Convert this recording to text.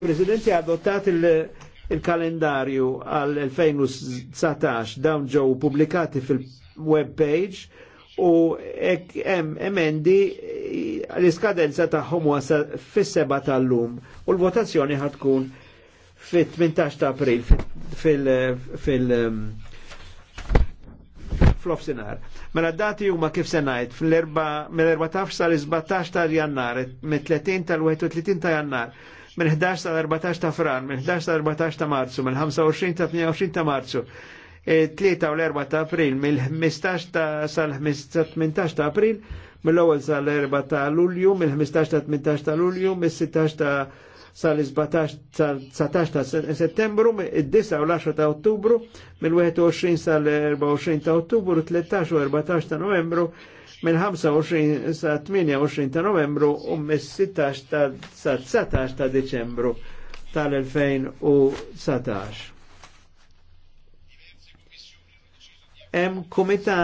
Il-Presidenti adottat il-kalendarju il għal-2019 dawn ġew publikati fil-web page u hemm em, emendi l-iskadenza tagħhom wasa fis-seba tal-lum u l-votazzjoni ħatkun fit-18 ta' april fil-, fil, fil, um, fil fl-ofsinar. Mela dati huma kif se ngħid mill-14 sal-17 ta' jannar, mill-30 tal-31 ta' jannar, mill-11 sal-14 ta' fran, mill-11 sal-14 ta' marzu, mill-25 ta' 22 ta' marzu, 3 u l-4 ta' april, mill-15 ta' sal-18 ta' april, mill-ewwel sal-4 ta' lulju, mill-15 ta' 18 ta' lulju, mill-16 ta' sal-17 ta' settembru, id-9 u l-10 ta' ottubru, mill-21 sal-24 ta' ottubru, 13 u 14 ta' novembru, mill-25 sa' 28 ta' novembru u mill-16 sa' 19 ta' deċembru tal-2019. Hemm kumitat